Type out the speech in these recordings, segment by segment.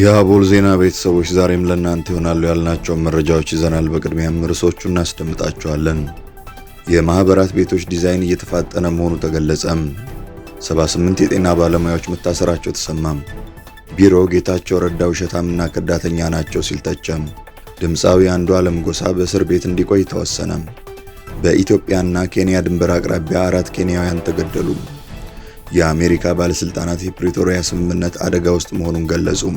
የአቦል ዜና ቤተሰቦች ዛሬም ለእናንተ ይሆናሉ ያልናቸውን መረጃዎች ይዘናል። በቅድሚያም ርዕሶቹ እናስደምጣቸዋለን። የማኅበራት ቤቶች ዲዛይን እየተፋጠነ መሆኑ ተገለጸም። 78 የጤና ባለሙያዎች መታሰራቸው ተሰማም። ቢሮ ጌታቸው ረዳ ውሸታምና ከዳተኛ ናቸው ሲል ተቸም። ድምፃዊ አንዱ ዓለም ጎሳ በእስር ቤት እንዲቆይ ተወሰነም። በኢትዮጵያና ኬንያ ድንበር አቅራቢያ አራት ኬንያውያን ተገደሉ። የአሜሪካ ባለሥልጣናት የፕሪቶሪያ ስምምነት አደጋ ውስጥ መሆኑን ገለጹም።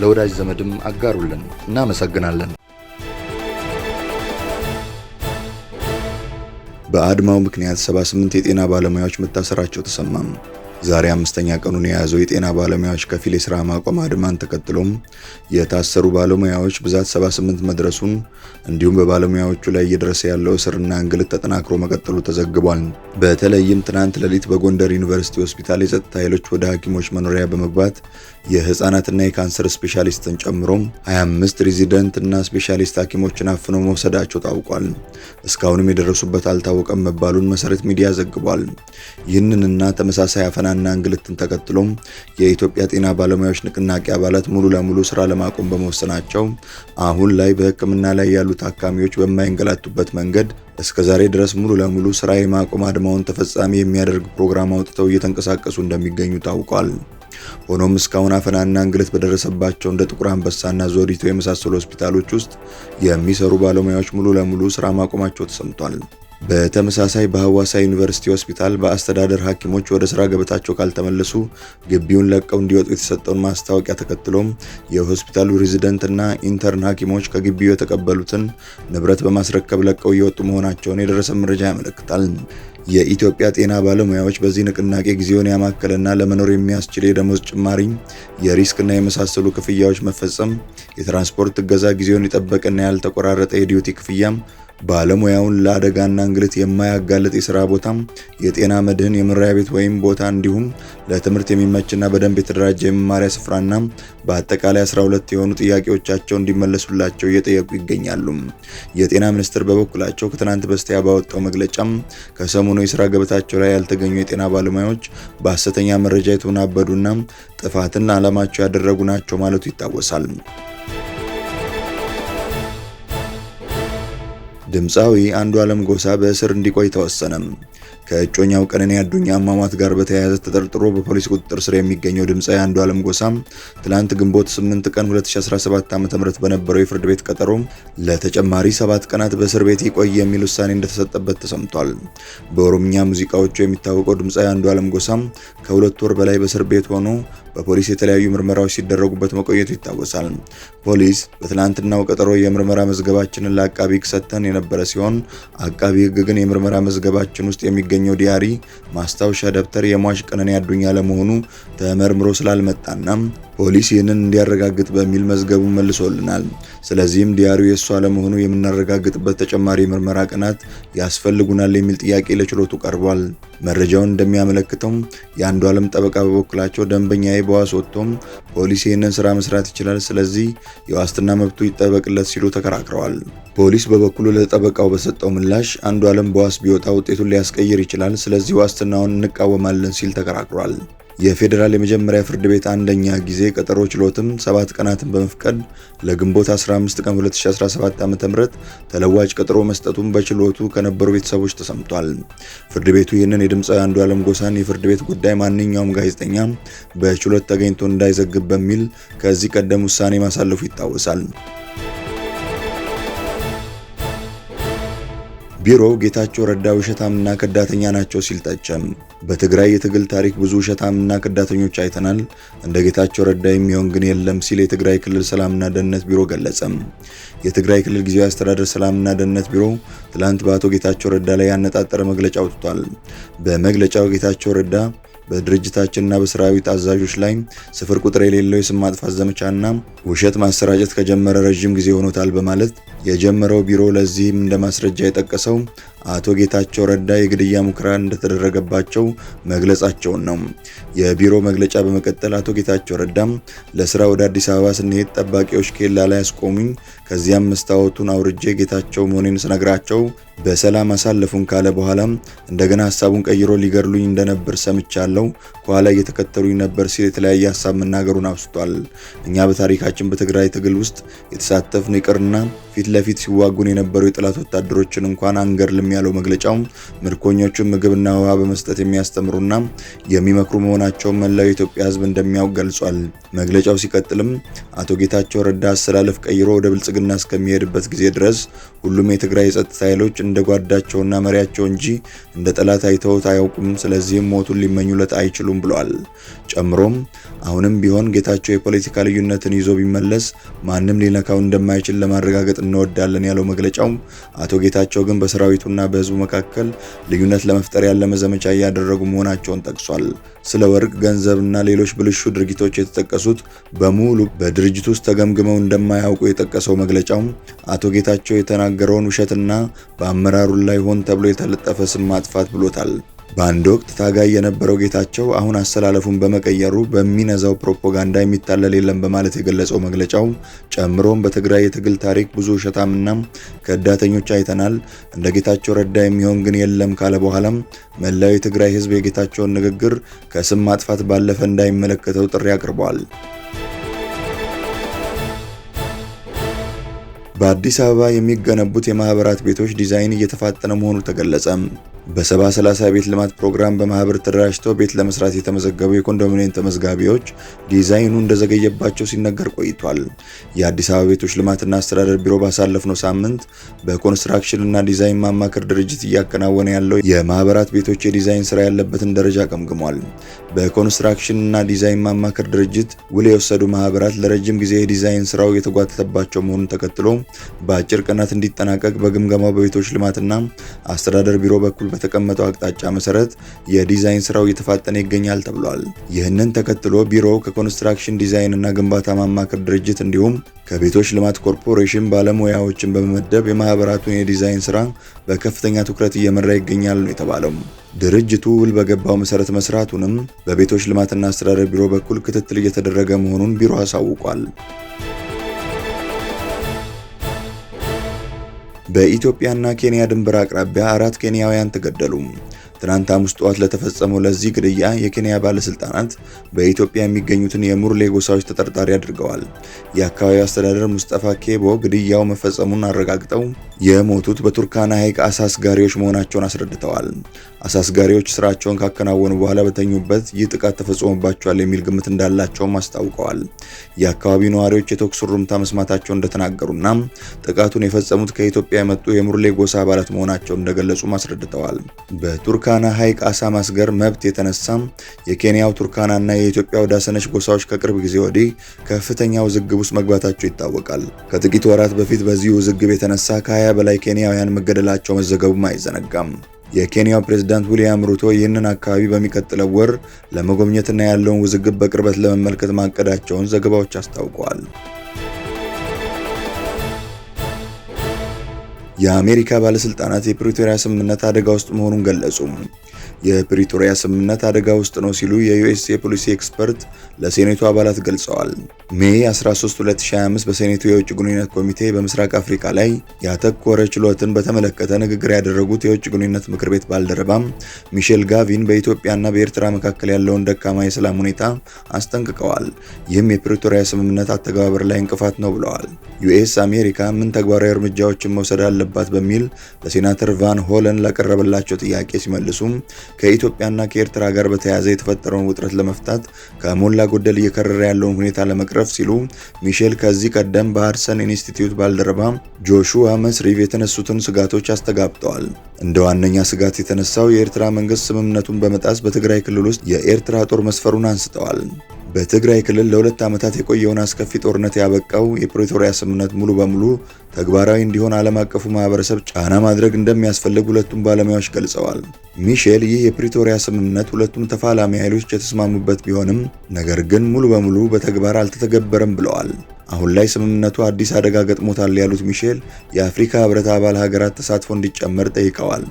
ለወዳጅ ዘመድም አጋሩልን። እናመሰግናለን። በአድማው ምክንያት 78 የጤና ባለሙያዎች መታሰራቸው ተሰማም። ዛሬ አምስተኛ ቀኑን የያዘው የጤና ባለሙያዎች ከፊል የስራ ማቆም አድማን ተከትሎም የታሰሩ ባለሙያዎች ብዛት 78 መድረሱን እንዲሁም በባለሙያዎቹ ላይ እየደረሰ ያለው እስርና እንግልት ተጠናክሮ መቀጠሉ ተዘግቧል። በተለይም ትናንት ሌሊት በጎንደር ዩኒቨርሲቲ ሆስፒታል የጸጥታ ኃይሎች ወደ ሐኪሞች መኖሪያ በመግባት የህፃናትና የካንሰር ስፔሻሊስትን ጨምሮ 25 ሬዚደንት እና ስፔሻሊስት ሐኪሞችን አፍኖ መውሰዳቸው ታውቋል። እስካሁንም የደረሱበት አልታወቀም መባሉን መሰረት ሚዲያ ዘግቧል። ይህንንና ተመሳሳይ አፈና ጫናና እንግልትን ተከትሎም የኢትዮጵያ ጤና ባለሙያዎች ንቅናቄ አባላት ሙሉ ለሙሉ ስራ ለማቆም በመወሰናቸው አሁን ላይ በሕክምና ላይ ያሉ ታካሚዎች በማይንገላቱበት መንገድ እስከ ዛሬ ድረስ ሙሉ ለሙሉ ስራ የማቆም አድማውን ተፈጻሚ የሚያደርግ ፕሮግራም አውጥተው እየተንቀሳቀሱ እንደሚገኙ ታውቋል። ሆኖም እስካሁን አፈናና እንግልት በደረሰባቸው እንደ ጥቁር አንበሳና ዞዲቶ የመሳሰሉ ሆስፒታሎች ውስጥ የሚሰሩ ባለሙያዎች ሙሉ ለሙሉ ስራ ማቆማቸው ተሰምቷል። በተመሳሳይ በሐዋሳ ዩኒቨርሲቲ ሆስፒታል በአስተዳደር ሐኪሞች ወደ ስራ ገበታቸው ካልተመለሱ ግቢውን ለቀው እንዲወጡ የተሰጠውን ማስታወቂያ ተከትሎም የሆስፒታሉ እና ኢንተርን ሐኪሞች ከግቢው የተቀበሉትን ንብረት በማስረከብ ለቀው እየወጡ መሆናቸውን የደረሰ መረጃ ያመለክታል። የኢትዮጵያ ጤና ባለሙያዎች በዚህ ንቅናቄ ጊዜውን ያማከለና ለመኖር የሚያስችል የደሞዝ ጭማሪ፣ የሪስክና የመሳሰሉ ክፍያዎች መፈጸም፣ የትራንስፖርት እገዛ ጊዜውን የጠበቀና ያልተቆራረጠ የዲዩቲ ክፍያም ባለሙያውን ለአደጋና እንግልት የማያጋልጥ የስራ ቦታም፣ የጤና መድህን የመኖሪያ ቤት ወይም ቦታ እንዲሁም ለትምህርት የሚመችና በደንብ የተደራጀ የመማሪያ ስፍራና በአጠቃላይ 12 የሆኑ ጥያቄዎቻቸው እንዲመለሱላቸው እየጠየቁ ይገኛሉ። የጤና ሚኒስቴር በበኩላቸው ከትናንት በስቲያ ባወጣው መግለጫም ከሰሞኑ የስራ ገበታቸው ላይ ያልተገኙ የጤና ባለሙያዎች በሐሰተኛ መረጃ የተወናበዱና ጥፋትን ለዓላማቸው ያደረጉ ናቸው ማለቱ ይታወሳል። ድምፃዊ አንዱ ዓለም ጎሳ በእስር እንዲቆይ ተወሰነም። ከእጮኛው ቀነኒ አዱኛ አሟሟት ጋር በተያያዘ ተጠርጥሮ በፖሊስ ቁጥጥር ስር የሚገኘው ድምፃዊ አንዱ ዓለም ጎሳም ትላንት ግንቦት 8 ቀን 2017 ዓ.ም በነበረው የፍርድ ቤት ቀጠሮ ለተጨማሪ ሰባት ቀናት በእስር ቤት ይቆይ የሚል ውሳኔ እንደተሰጠበት ተሰምቷል። በኦሮምኛ ሙዚቃዎቹ የሚታወቀው ድምፃዊ አንዱ ዓለም ጎሳም ከሁለት ወር በላይ በእስር ቤት ሆኖ በፖሊስ የተለያዩ ምርመራዎች ሲደረጉበት መቆየቱ ይታወሳል። ፖሊስ በትላንትናው ቀጠሮ የምርመራ መዝገባችንን ለአቃቢ ሕግ ሰጥተን የነበረ ሲሆን አቃቢ ሕግ ግን የምርመራ መዝገባችን ውስጥ የሚገኘው ዲያሪ፣ ማስታወሻ ደብተር የሟሽ ቀነኒ አዱኛ ለመሆኑ ተመርምሮ ስላልመጣና ፖሊስ ይህንን እንዲያረጋግጥ በሚል መዝገቡን መልሶልናል። ስለዚህም ዲያሪው የእሱ ለመሆኑ የምናረጋግጥበት ተጨማሪ ምርመራ ቀናት ያስፈልጉናል የሚል ጥያቄ ለችሎቱ ቀርቧል። መረጃውን እንደሚያመለክተው የአንዱ ዓለም ጠበቃ በበኩላቸው ደንበኛዬ በዋስ ወጥቶም ፖሊስ ይህንን ስራ መስራት ይችላል፣ ስለዚህ የዋስትና መብቱ ይጠበቅለት ሲሉ ተከራክረዋል። ፖሊስ በበኩሉ ለጠበቃው በሰጠው ምላሽ አንዱ ዓለም በዋስ ቢወጣ ውጤቱን ሊያስቀይር ይችላል፣ ስለዚህ ዋስትናውን እንቃወማለን ሲል ተከራክሯል። የፌዴራል የመጀመሪያ ፍርድ ቤት አንደኛ ጊዜ ቀጠሮ ችሎትም ሰባት ቀናትን በመፍቀድ ለግንቦት 15 ቀን 2017 ዓ.ም ተለዋጭ ቀጠሮ መስጠቱን በችሎቱ ከነበሩ ቤተሰቦች ተሰምቷል። ፍርድ ቤቱ ይህንን የድምፃዊ ዓለም ጎሳን የፍርድ ቤት ጉዳይ ማንኛውም ጋዜጠኛ በችሎት ተገኝቶ እንዳይዘግብ በሚል ከዚህ ቀደም ውሳኔ ማሳለፉ ይታወሳል። ቢሮው ጌታቸው ረዳ ውሸታምና ከዳተኛ ናቸው ሲል ጠቸም። በትግራይ የትግል ታሪክ ብዙ ውሸታምና ከዳተኞች አይተናል። እንደ ጌታቸው ረዳ የሚሆን ግን የለም ሲል የትግራይ ክልል ሰላምና ደህንነት ቢሮ ገለጸም። የትግራይ ክልል ጊዜያዊ አስተዳደር ሰላምና ደህንነት ቢሮ ትላንት በአቶ ጌታቸው ረዳ ላይ ያነጣጠረ መግለጫ አውጥቷል። በመግለጫው ጌታቸው ረዳ በድርጅታችንና በሰራዊት አዛዦች ላይ ስፍር ቁጥር የሌለው የስም ማጥፋት ዘመቻና ውሸት ማሰራጨት ከጀመረ ረዥም ጊዜ ሆኖታል በማለት የጀመረው ቢሮ ለዚህም እንደ ማስረጃ የጠቀሰው አቶ ጌታቸው ረዳ የግድያ ሙከራ እንደተደረገባቸው መግለጻቸውን ነው። የቢሮ መግለጫ በመቀጠል አቶ ጌታቸው ረዳም ለስራ ወደ አዲስ አበባ ስንሄድ ጠባቂዎች ኬላ ላይ አስቆሙኝ። ከዚያም መስታወቱን አውርጄ ጌታቸው መሆኔን ስነግራቸው በሰላም አሳለፉን ካለ በኋላ እንደገና ሀሳቡን ቀይሮ ሊገድሉኝ እንደነበር ሰምቻለሁ፣ ከኋላ እየተከተሉኝ ነበር ሲል የተለያየ ሀሳብ መናገሩን አብስቷል። እኛ በታሪካችን በትግራይ ትግል ውስጥ የተሳተፍን ይቅርና ፊት ለፊት ሲዋጉን የነበሩ የጠላት ወታደሮችን እንኳን አንገድልም ያለው መግለጫው ምርኮኞቹን ምግብና ውሃ በመስጠት የሚያስተምሩና የሚመክሩ መሆናቸውን መላው የኢትዮጵያ ሕዝብ እንደሚያውቅ ገልጿል። መግለጫው ሲቀጥልም አቶ ጌታቸው ረዳ አሰላለፍ ቀይሮ ወደ ብልጽግና እስከሚሄድበት ጊዜ ድረስ ሁሉም የትግራይ የጸጥታ ኃይሎች እንደ ጓዳቸውና መሪያቸው እንጂ እንደ ጠላት አይተውት አያውቁም። ስለዚህም ሞቱን ሊመኙለት አይችሉም ብለዋል። ጨምሮም አሁንም ቢሆን ጌታቸው የፖለቲካ ልዩነትን ይዞ ቢመለስ ማንም ሊነካው እንደማይችል ለማረጋገጥ እንወዳለን ያለው መግለጫው፣ አቶ ጌታቸው ግን በሰራዊቱና በህዝቡ መካከል ልዩነት ለመፍጠር ያለመ ዘመቻ እያደረጉ መሆናቸውን ጠቅሷል። ስለ ወርቅ ገንዘብና ሌሎች ብልሹ ድርጊቶች የተጠቀሱት በሙሉ በድርጅቱ ውስጥ ተገምግመው እንደማያውቁ የጠቀሰው መግለጫው አቶ ጌታቸው የተናገረውን ውሸትና በአመራሩ ላይ ሆን ተብሎ የተለጠፈ ስም ማጥፋት ብሎታል። በአንድ ወቅት ታጋይ የነበረው ጌታቸው አሁን አሰላለፉን በመቀየሩ በሚነዛው ፕሮፓጋንዳ የሚታለል የለም በማለት የገለጸው መግለጫው ጨምሮም በትግራይ የትግል ታሪክ ብዙ ውሸታምና ከዳተኞች አይተናል፣ እንደ ጌታቸው ረዳ የሚሆን ግን የለም ካለ በኋላም መላው የትግራይ ሕዝብ የጌታቸውን ንግግር ከስም ማጥፋት ባለፈ እንዳይመለከተው ጥሪ አቅርበዋል። በአዲስ አበባ የሚገነቡት የማህበራት ቤቶች ዲዛይን እየተፋጠነ መሆኑ ተገለጸ። በሰባ ሰላሳ ቤት ልማት ፕሮግራም በማህበር ተደራጅተው ቤት ለመስራት የተመዘገቡ የኮንዶሚኒየም ተመዝጋቢዎች ዲዛይኑ እንደዘገየባቸው ሲነገር ቆይቷል። የአዲስ አበባ ቤቶች ልማትና አስተዳደር ቢሮ ባሳለፍነው ሳምንት በኮንስትራክሽንና ዲዛይን ማማከር ድርጅት እያከናወነ ያለው የማህበራት ቤቶች የዲዛይን ስራ ያለበትን ደረጃ ገምግሟል። በኮንስትራክሽንና ዲዛይን ማማከር ድርጅት ውል የወሰዱ ማህበራት ለረጅም ጊዜ የዲዛይን ስራው የተጓተተባቸው መሆኑን ተከትሎ በአጭር ቀናት እንዲጠናቀቅ በግምገማው በቤቶች ልማትና አስተዳደር ቢሮ በኩል በተቀመጠው አቅጣጫ መሰረት የዲዛይን ስራው እየተፋጠነ ይገኛል ተብሏል። ይህንን ተከትሎ ቢሮው ከኮንስትራክሽን ዲዛይን እና ግንባታ ማማከር ድርጅት እንዲሁም ከቤቶች ልማት ኮርፖሬሽን ባለሙያዎችን በመመደብ የማህበራቱን የዲዛይን ስራ በከፍተኛ ትኩረት እየመራ ይገኛል ነው የተባለው። ድርጅቱ ውል በገባው መሰረት መስራቱንም በቤቶች ልማትና አስተዳደር ቢሮ በኩል ክትትል እየተደረገ መሆኑን ቢሮ አሳውቋል። በኢትዮጵያና ኬንያ ድንበር አቅራቢያ አራት ኬንያውያን ተገደሉ። ትናንት ሐሙስ ጠዋት ለተፈጸመው ለዚህ ግድያ የኬንያ ባለስልጣናት በኢትዮጵያ የሚገኙትን የሙርሌ ጎሳዎች ተጠርጣሪ አድርገዋል። የአካባቢው አስተዳደር ሙስጠፋ ኬቦ ግድያው መፈጸሙን አረጋግጠው የሞቱት በቱርካና ሐይቅ አሳስጋሪዎች መሆናቸውን አስረድተዋል። አሳስጋሪዎች ስራቸውን ካከናወኑ በኋላ በተኙበት ይህ ጥቃት ተፈጽሞባቸዋል የሚል ግምት እንዳላቸውም አስታውቀዋል። የአካባቢው ነዋሪዎች የተኩስ ሩምታ መስማታቸውን እንደተናገሩና ጥቃቱን የፈጸሙት ከኢትዮጵያ የመጡ የሙርሌ ጎሳ አባላት መሆናቸውን እንደገለጹም አስረድተዋል። በቱርካ ቱርካና ሐይቅ አሳ ማስገር መብት የተነሳም የኬንያው እና የኢትዮጵያው ዳሰነች ጎሳዎች ከቅርብ ጊዜ ወዲህ ከፍተኛ ውዝግብ ውስጥ መግባታቸው ይታወቃል። ከጥቂት ወራት በፊት በዚህ ውዝግብ የተነሳ ከ20 በላይ ኬንያውያን መገደላቸው መዘገቡም አይዘነጋም። የኬንያው ፕሬዝዳንት ዊልያም ሩቶ ይህንን አካባቢ በሚቀጥለው ወር ለመጎብኘትና ያለውን ውዝግብ በቅርበት ለመመልከት ማቀዳቸውን ዘገባዎች አስታውቀዋል። የአሜሪካ ባለስልጣናት የፕሪቶሪያ ስምምነት አደጋ ውስጥ መሆኑን ገለጹ። የፕሪቶሪያ ስምምነት አደጋ ውስጥ ነው ሲሉ የዩኤስ የፖሊሲ ኤክስፐርት ለሴኔቱ አባላት ገልጸዋል። ሜይ 13 2025 በሴኔቱ የውጭ ግንኙነት ኮሚቴ በምስራቅ አፍሪካ ላይ ያተኮረ ችሎትን በተመለከተ ንግግር ያደረጉት የውጭ ግንኙነት ምክር ቤት ባልደረባም ሚሼል ጋቪን በኢትዮጵያና በኤርትራ መካከል ያለውን ደካማ የሰላም ሁኔታ አስጠንቅቀዋል። ይህም የፕሪቶሪያ ስምምነት አተገባበር ላይ እንቅፋት ነው ብለዋል። ዩኤስ አሜሪካ ምን ተግባራዊ እርምጃዎችን መውሰድ አለባት በሚል ለሴናተር ቫን ሆለን ላቀረበላቸው ጥያቄ ሲመልሱም ከኢትዮጵያና ከኤርትራ ጋር በተያያዘ የተፈጠረውን ውጥረት ለመፍታት ከሞላ ጎደል እየከረረ ያለውን ሁኔታ ለመቅረፍ ሲሉ ሚሼል ከዚህ ቀደም በሃድሰን ኢንስቲትዩት ባልደረባ ጆሹዋ መስሪቭ የተነሱትን ስጋቶች አስተጋብጠዋል። እንደ ዋነኛ ስጋት የተነሳው የኤርትራ መንግስት ስምምነቱን በመጣስ በትግራይ ክልል ውስጥ የኤርትራ ጦር መስፈሩን አንስተዋል። በትግራይ ክልል ለሁለት ዓመታት የቆየውን አስከፊ ጦርነት ያበቃው የፕሪቶሪያ ስምምነት ሙሉ በሙሉ ተግባራዊ እንዲሆን ዓለም አቀፉ ማህበረሰብ ጫና ማድረግ እንደሚያስፈልግ ሁለቱም ባለሙያዎች ገልጸዋል። ሚሼል ይህ የፕሪቶሪያ ስምምነት ሁለቱም ተፋላሚ ኃይሎች የተስማሙበት ቢሆንም ነገር ግን ሙሉ በሙሉ በተግባር አልተተገበረም ብለዋል። አሁን ላይ ስምምነቱ አዲስ አደጋ ገጥሞታል ያሉት ሚሼል የአፍሪካ ህብረት አባል ሀገራት ተሳትፎ እንዲጨመር ጠይቀዋል።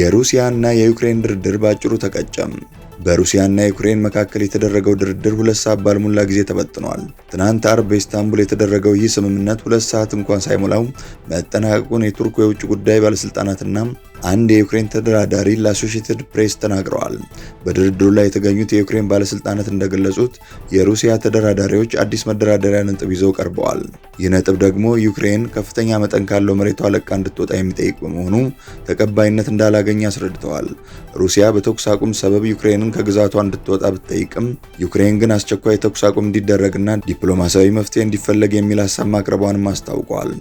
የሩሲያና የዩክሬን ድርድር ባጭሩ ተቀጨም። በሩሲያና ዩክሬን መካከል የተደረገው ድርድር ሁለት ሰዓት ባልሞላ ጊዜ ተበጥኗል። ትናንት አርብ በኢስታንቡል የተደረገው ይህ ስምምነት ሁለት ሰዓት እንኳን ሳይሞላው መጠናቀቁን የቱርክ የውጭ ጉዳይ ባለስልጣናትና አንድ የዩክሬን ተደራዳሪ ለአሶሺየትድ ፕሬስ ተናግረዋል። በድርድሩ ላይ የተገኙት የዩክሬን ባለስልጣናት እንደገለጹት የሩሲያ ተደራዳሪዎች አዲስ መደራደሪያ ነጥብ ይዘው ቀርበዋል። ይህ ነጥብ ደግሞ ዩክሬን ከፍተኛ መጠን ካለው መሬቷ ለቃ እንድትወጣ የሚጠይቅ በመሆኑ ተቀባይነት እንዳላገኘ አስረድተዋል። ሩሲያ በተኩስ አቁም ሰበብ ዩክሬንን ከግዛቷ እንድትወጣ ብትጠይቅም ዩክሬን ግን አስቸኳይ የተኩስ አቁም እንዲደረግና ዲፕሎማሲያዊ መፍትሄ እንዲፈለግ የሚል ሀሳብ ማቅረቧንም አስታውቋል።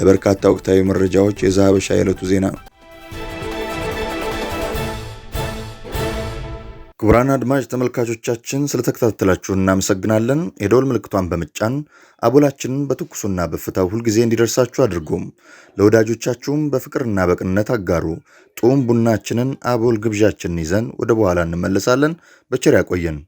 ለበርካታ ወቅታዊ መረጃዎች የዛሀበሻ የዕለቱ ዜና ነው። ክቡራን አድማጭ ተመልካቾቻችን ስለተከታተላችሁ እናመሰግናለን። የደወል ምልክቷን በመጫን አቦላችንን በትኩሱና በእፍታው ሁልጊዜ እንዲደርሳችሁ አድርጎም ለወዳጆቻችሁም በፍቅርና በቅንነት አጋሩ። ጡም ቡናችንን አቦል ግብዣችንን ይዘን ወደ በኋላ እንመለሳለን። በቸር ያቆየን።